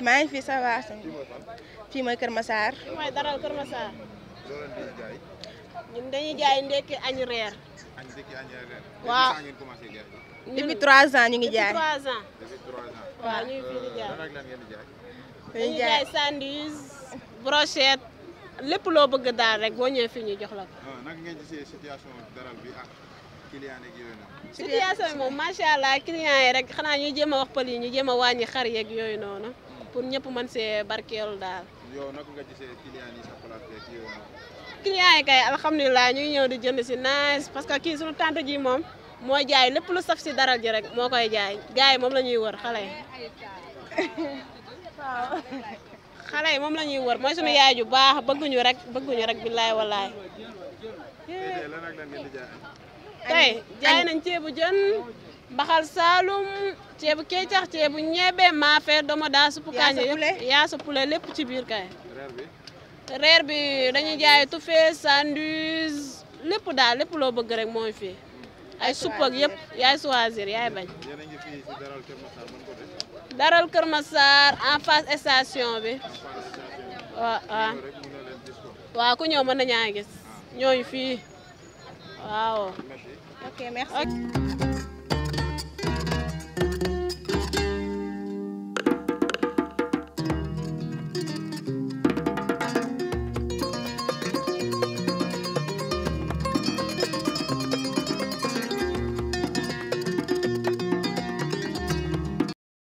maa ngi fi ça va sëñ bi fii mooy Kër Massar. fii mooy dañuy jaay ndekki añ reer. waaw depuis trois ans ñu ngi jaay. depuis trois ans. waaw ñu ngi fi di jaay. lépp loo bëgg daal rek boo ñëwee fii ñu jox la ko. Ah, naka ngeen moom macha allah client yi rek xanaa ñu jéem a wax pël yi ñu jéem a wàññi xar yeeg yooyu noonu. pour ñëpp se barkel barkeelu daal. yow naka nga gisee client yi sa place yow. client yi kay ñu di jënd nice parce que tante ji mau mooy jaay lépp lu saf si dara ji rek moo koy jaay gars yi moom wër xale yi. waaw xale wër mooy suñu yaay ju baax bëgguñu rek bëgguñu baxal saalum ceebu kecax ceebu ñebe maafe domo daa suppu kanja yëpp yaa suppule lépp ci biir kay reer bi dañuy jaay tufe sandwich lépp daal lépp loo bëgg rek mooy fii ay supp ak yëpp yaay choisir yaay bañ daral Kër Massar en face station bi waaw ku ñëw mën nañaa gis ah. ñooñu fii waaw ok